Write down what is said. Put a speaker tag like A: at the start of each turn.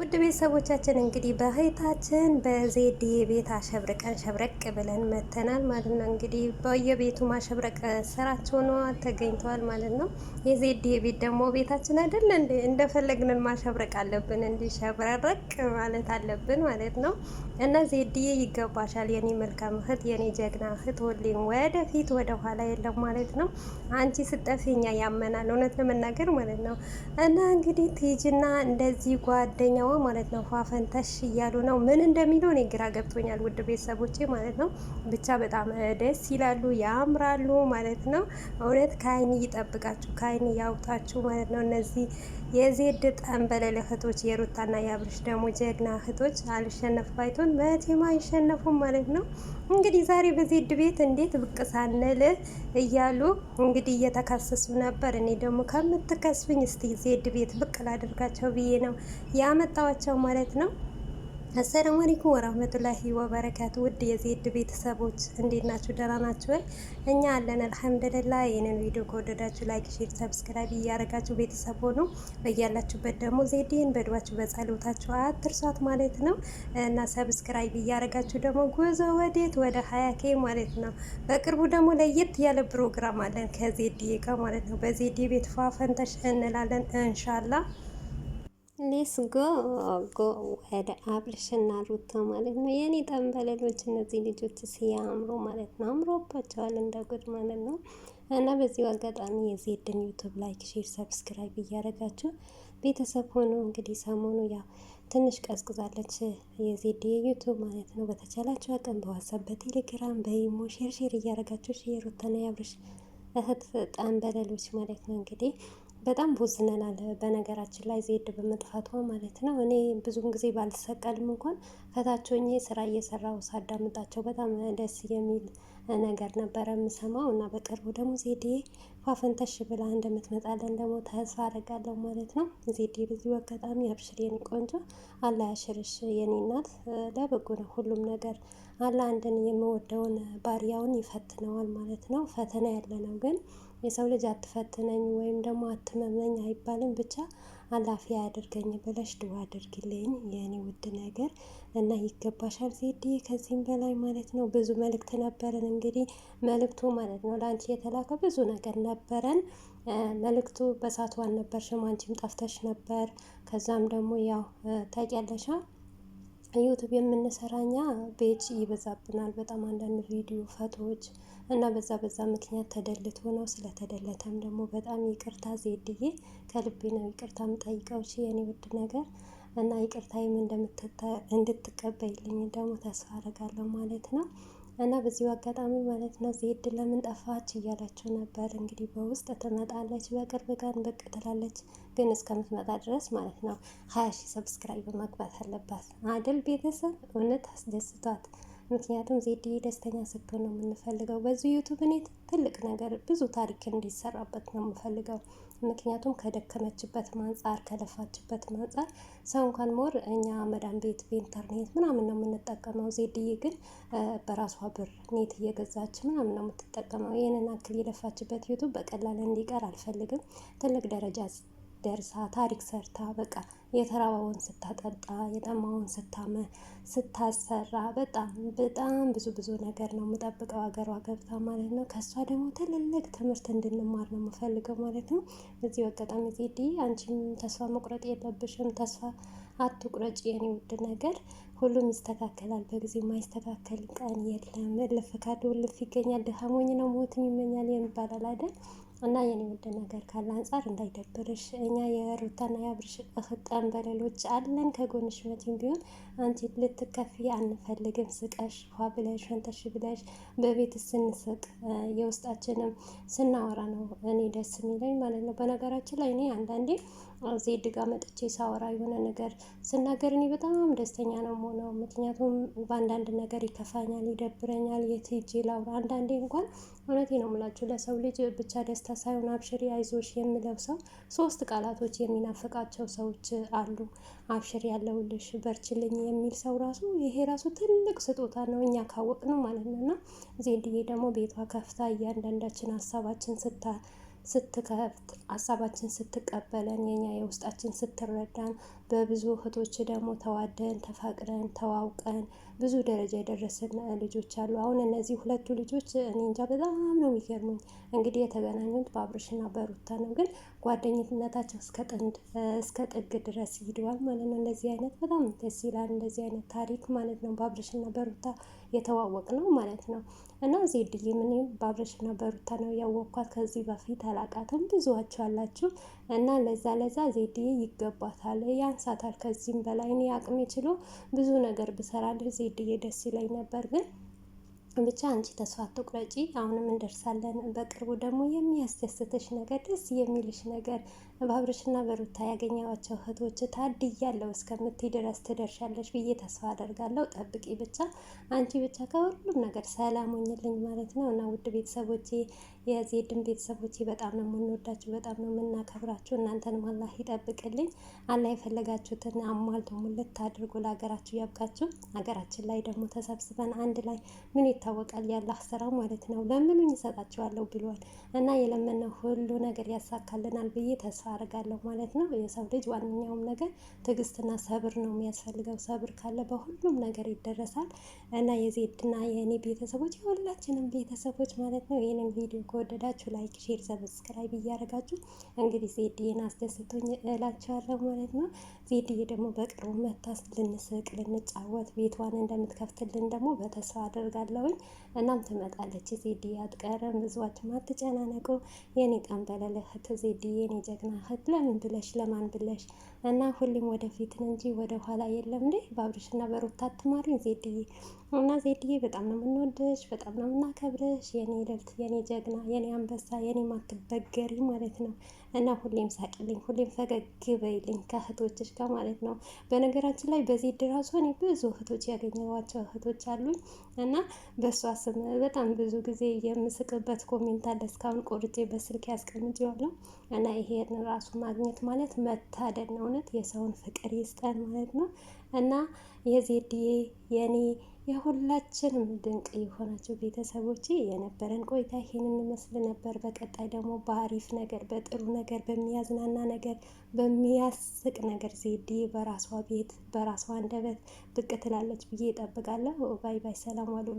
A: ውድ ቤተሰቦቻችን እንግዲህ በህይታችን በዜድ ቤት አሸብርቀን ሸብረቅ ብለን መተናል ማለት ነው። እንግዲህ በየቤቱ ማሸብረቅ ስራቸው ነው ተገኝተዋል ማለት ነው። የዜድ ቤት ደግሞ ቤታችን አይደለ እንደፈለግንን ማሸብረቅ አለብን፣ እንዲሸብረረቅ ማለት አለብን ማለት ነው። እና ዜድዬ ይገባሻል፣ የኔ መልካም እህት፣ የኔ ጀግና እህት፣ ሁሌም ወደፊት ወደኋላ የለም ማለት ነው። አንቺ ስጠፊ እኛ ያመናል፣ እውነት ለመናገር ማለት ነው። እና እንግዲህ ቲጅና እንደዚህ ጓደኛ ነው ማለት ነው። ፏፈንተሽ እያሉ ነው። ምን እንደሚለው እኔ ግራ ገብቶኛል። ውድ ቤተሰቦቼ ማለት ነው። ብቻ በጣም ደስ ይላሉ፣ ያምራሉ ማለት ነው። እውነት ከአይን ይጠብቃችሁ፣ ከአይን ያውታችሁ ማለት ነው። እነዚህ የዜድ ጠንበለል እህቶች፣ የሩታና የአብርሽ ደግሞ ጀግና እህቶች አልሸነፍ ባይቶን መቼም አይሸነፉም ማለት ነው። እንግዲህ ዛሬ በዜድ ቤት እንዴት ብቅ ሳንል እያሉ እንግዲህ እየተከሰሱ ነበር። እኔ ደግሞ ከምትከስብኝ እስቲ ዜድ ቤት ብቅ ላደርጋቸው ብዬ ነው ያመጣ አታዋቸው ማለት ነው። አሰላሙ አለይኩም ወራህመቱላሂ ወበረካቱ። ውድ የዜድ ቤተሰቦች እንዴት ናችሁ? ደህና ናችሁ ወይ? እኛ አለን አልሐምዱሊላህ። ይህንን ቪዲዮ ከወደዳችሁ ላይክ፣ ሼር፣ ሰብስክራይብ እያደረጋችሁ ቤተሰብ ሆኑ። በያላችሁበት ደግሞ ዜድን በድዋችሁ በጸሎታችሁ አትርሷት ማለት ነው እና ሰብስክራይብ እያደረጋችሁ ደግሞ ጉዞ ወዴት ወደ ሀያ ኬ ማለት ነው። በቅርቡ ደግሞ ለየት ያለ ፕሮግራም አለን ከዜድ ጋር ማለት ነው። በዜድ ቤት ፏፈንተሽ እንላለን እንሻላ ሌስ ጎ ጎ ወደ አብርሽና ሩታ ማለት ነው። የኔ ጠንበለሎች እነዚህ ልጆች ሲያምሩ ማለት ነው። አምሮባቸዋል እንደ ጉድ ማለት ነው። እና በዚሁ አጋጣሚ የዜድን ዩቱብ ላይክ፣ ሼር፣ ሰብስክራይብ እያደረጋችሁ ቤተሰብ ሆኖ እንግዲህ ሰሞኑ ያው ትንሽ ቀዝቅዛለች የዜድ የዩቱብ ማለት ነው። በተቻላችሁ አቅም በዋትሳፕ በቴሌግራም በኢሞ ሼር ሼር እያደረጋችሁ የሩታና የአብርሽ እህት ጠንበለሎች ማለት ነው እንግዲህ በጣም ቦዝነናል። በነገራችን ላይ ዜድ በመጥፋቷ ማለት ነው። እኔ ብዙን ጊዜ ባልሰቀልም እንኳን ከታች ስራ እየሰራው ሳዳምጣቸው በጣም ደስ የሚል ነገር ነበረ የምሰማው እና በቅርቡ ደግሞ ዜዴ ፋፈንተሽ ብላ እንደምትመጣለን ደግሞ ተስፋ አደርጋለሁ ማለት ነው። ዜዴ በዚሁ አጋጣሚ አብሽር የኔ ቆንጆ፣ አላ ያሽርሽ የኔ እናት። ለበጎ ነው ሁሉም ነገር። አላህ አንድን የምወደውን ባሪያውን ይፈትነዋል ማለት ነው። ፈተና ያለ ነው ግን የሰው ልጅ አትፈትነኝ ወይም ደግሞ አትመመኝ አይባልም ብቻ አላፊ አድርገኝ ብለሽ ድዋ አድርግልኝ የእኔ ውድ ነገር እና ይገባሻል ዜዴ ከዚህም በላይ ማለት ነው። ብዙ መልእክት ነበረን እንግዲህ መልእክቱ ማለት ነው ለአንቺ የተላከ ብዙ ነገር ነበረን። መልእክቱ በሳቱ አልነበርሽም አንቺም ጠፍተሽ ነበር። ከዛም ደግሞ ያው ታውቂያለሽ ዩቱብ የምንሰራኛ ቤጅ ይበዛብናል በጣም አንዳንድ ቪዲዮ ፈቶዎች እና በዛ በዛ ምክንያት ተደልቶ ነው። ስለተደለተም ደግሞ በጣም ይቅርታ ዜድዬ ከልቤ ነው ይቅርታ ምጠይቀውች የኔ ውድ ነገር እና ይቅርታዬም እንድትቀበይልኝ ደግሞ ተስፋ አደርጋለሁ ማለት ነው። እና በዚሁ አጋጣሚ ማለት ነው ዜድ ለምን ጠፋች እያላቸው ነበር። እንግዲህ በውስጥ ትመጣለች፣ በቅርብ ቀን ብቅ ትላለች። ግን እስከምትመጣ ድረስ ማለት ነው ሀያ ሺህ ሰብስክራይብ መግባት አለባት አድል ቤተሰብ እውነት አስደስቷት ምክንያቱም ዜድዬ ደስተኛ ስትሆን ነው የምንፈልገው። በዚህ ዩቱብ እኔ ትልቅ ነገር ብዙ ታሪክ እንዲሰራበት ነው የምፈልገው። ምክንያቱም ከደከመችበት አንጻር ከለፋችበት አንጻር ሰው እንኳን ሞር እኛ መዳን ቤት በኢንተርኔት ምናምን ነው የምንጠቀመው። ዜድዬ ግን በራሷ ብር ኔት እየገዛች ምናምን ነው የምትጠቀመው። ይህንን አክል የለፋችበት ዩቱብ በቀላል እንዲቀር አልፈልግም። ትልቅ ደረጃ ደርሳ ታሪክ ሰርታ በቃ የተራባውን ስታጠጣ፣ የጠማውን ስታመ ስታሰራ፣ በጣም በጣም ብዙ ብዙ ነገር ነው የምጠብቀው ሀገሯ ገብታ ማለት ነው። ከእሷ ደግሞ ትልልቅ ትምህርት እንድንማር ነው የምፈልገው ማለት ነው። እዚህ አጋጣሚ ዜዲ አንቺም ተስፋ መቁረጥ የለብሽም። ተስፋ አትቁረጭ የኔ ውድ ነገር ሁሉም ይስተካከላል። በጊዜ የማይስተካከል ቀን የለም። እልፍ ካለ እልፍ ይገኛል። ድሃ ሞኝ ነው ሞትን ይመኛል የሚባላል አይደል? እና የኔ ውድ ነገር ካለ አንጻር እንዳይደብርሽ እኛ የሩታና የአብርሽ እህጣን በሌሎች አለን ከጎንሽ። መቼም ቢሆን አንቺ ልትከፊ አንፈልግም። ስቀሽ ፏ ብለሽ ፈንተሽ ብለሽ በቤት ስንስቅ የውስጣችንም ስናወራ ነው እኔ ደስ የሚለኝ ማለት ነው። በነገራችን ላይ እኔ አንዳንዴ ዜድ ጋር መጥቼ ሳወራ የሆነ ነገር ስናገር እኔ በጣም ደስተኛ ነው የምሆነው። ምክንያቱም በአንዳንድ ነገር ይከፋኛል፣ ይደብረኛል፣ የት ሄጄ ላውራ። አንዳንዴ እንኳን እውነቴ ነው የምላችሁ ለሰው ልጅ ብቻ ደስታ ሳይሆን አብሽሪ፣ አይዞሽ የምለው ሰው ሶስት ቃላቶች የሚናፍቃቸው ሰዎች አሉ። አብሽሪ፣ ያለውልሽ፣ በርችልኝ የሚል ሰው ራሱ ይሄ ራሱ ትልቅ ስጦታ ነው እኛ ነው ማለት ነው። እና ዜድዬ ደግሞ ቤቷ ከፍታ እያንዳንዳችን ሀሳባችን ስታ ስትከፍት ሀሳባችን ስትቀበለን የኛ የውስጣችን ስትረዳን በብዙ እህቶች ደግሞ ተዋደን ተፋቅረን ተዋውቀን ብዙ ደረጃ የደረስን ልጆች አሉ። አሁን እነዚህ ሁለቱ ልጆች እኔ እንጃ በጣም ነው የሚገርሙኝ። እንግዲህ የተገናኙት በአብርሽና በሩታ ነው ግን ጓደኝነታቸው እስከ ጥግ ድረስ ይሄደዋል ማለት ነው። እንደዚህ አይነት በጣም ደስ ይላል። እንደዚህ አይነት ታሪክ ማለት ነው በአብርሽና በሩታ የተዋወቅ ነው ማለት ነው። እና ዜድዬ ምን በአብርሽና በሩታ ነው ያወቅኳት። ከዚህ በፊት አላቃትም ብዙዋቸው አላችሁ እና ለዛ ለዛ ዜድዬ ይገባታል፣ ያንሳታል። ከዚህም በላይ እኔ አቅሜ ችሎ ብዙ ነገር ብሰራልህ ዜድዬ ደስ ይለኝ ነበር ግን ብቻ አንቺ ተስፋ አትቁረጪ፣ አሁንም እንደርሳለን። በቅርቡ ደግሞ የሚያስደስትሽ ነገር፣ ደስ የሚልሽ ነገር በአብርሽና በሩታ ያገኘኋቸው እህቶች ታድያለሁ እስከምትይ ድረስ ትደርሻለሽ ብዬ ተስፋ አደርጋለሁ። ጠብቂ ብቻ አንቺ ብቻ ከሁሉም ነገር ሰላም ሆኝልኝ ማለት ነው እና ውድ ቤተሰቦቼ የዜድን ቤተሰቦች በጣም ነው የምንወዳችሁ፣ በጣም ነው የምናከብራችሁ። እናንተንም አላህ ይጠብቅልኝ። አላህ የፈለጋችሁትን አሟልቶ ሙልት አድርጎ ለሀገራችሁ ያብቃችሁ። ሀገራችን ላይ ደግሞ ተሰብስበን አንድ ላይ ምን ይታወቃል ያላህ ስራ ማለት ነው። ለምኑኝ ይሰጣችኋለሁ ብሏል እና የለመነው ሁሉ ነገር ያሳካልናል ብዬ ተስፋ አድርጋለሁ ማለት ነው። የሰው ልጅ ዋነኛውም ነገር ትዕግስትና ሰብር ነው የሚያስፈልገው። ሰብር ካለ በሁሉም ነገር ይደረሳል እና የዜድና የእኔ ቤተሰቦች የሁላችንም ቤተሰቦች ማለት ነው ይህንን ቪዲዮ ከወደዳችሁ ላይክ፣ ሼር፣ ሰብስክራይብ እያደረጋችሁ እንግዲህ ዜድዬን አስደስቶኝ እላቸዋለሁ ማለት ነው። ዜድዬ ደግሞ በቅርቡ መታ ልንስቅ ልንጫወት ቤቷን እንደምትከፍትልን ደግሞ በተስፋ አደርጋለሁኝ። እናም ትመጣለች ዜድዬ አትቀርም። ብዙዋችሁም አትጨናነቁ። የኔ ጠንበለል እህት ዜድዬ የኔ ጀግና እህት ለምን ብለሽ ለማን ብለሽ እና ሁሌም ወደፊት እንጂ ወደኋላ የለም እንዴ በአብርሽና በሩታ አትማሪኝ ዜድዬ እና ዜድዬ በጣም ነው የምንወድሽ፣ በጣም ነው የምናከብርሽ፣ የኔ ልብት፣ የኔ ጀግና፣ የኔ አንበሳ፣ የኔ ማትበገሪ ማለት ነው። እና ሁሌም ሳቅልኝ፣ ሁሌም ፈገግ በይልኝ ከእህቶችሽ ጋር ማለት ነው። በነገራችን ላይ በዚህ ራሱ እኔ ብዙ እህቶች ያገኘኋቸው እህቶች አሉኝ እና በእሷ ስም በጣም ብዙ ጊዜ የምስቅበት ኮሜንት አለ። እስካሁን ቆርጬ በስልክ ያስቀምጬዋለሁ እና ይሄን ራሱ ማግኘት ማለት መታደል ነው። እውነት የሰውን ፍቅር ይስጠን ማለት ነው እና የዜድዬ የኔ የሁላችንም ድንቅ የሆናቸው ቤተሰቦች የነበረን ቆይታ ይህንን ይመስል ነበር። በቀጣይ ደግሞ በአሪፍ ነገር፣ በጥሩ ነገር፣ በሚያዝናና ነገር፣ በሚያስቅ ነገር ዜዲ በራሷ ቤት በራሷ አንደበት ብቅ ትላለች ብዬ እጠብቃለሁ። ባይ ባይ። ሰላም ዋሉ።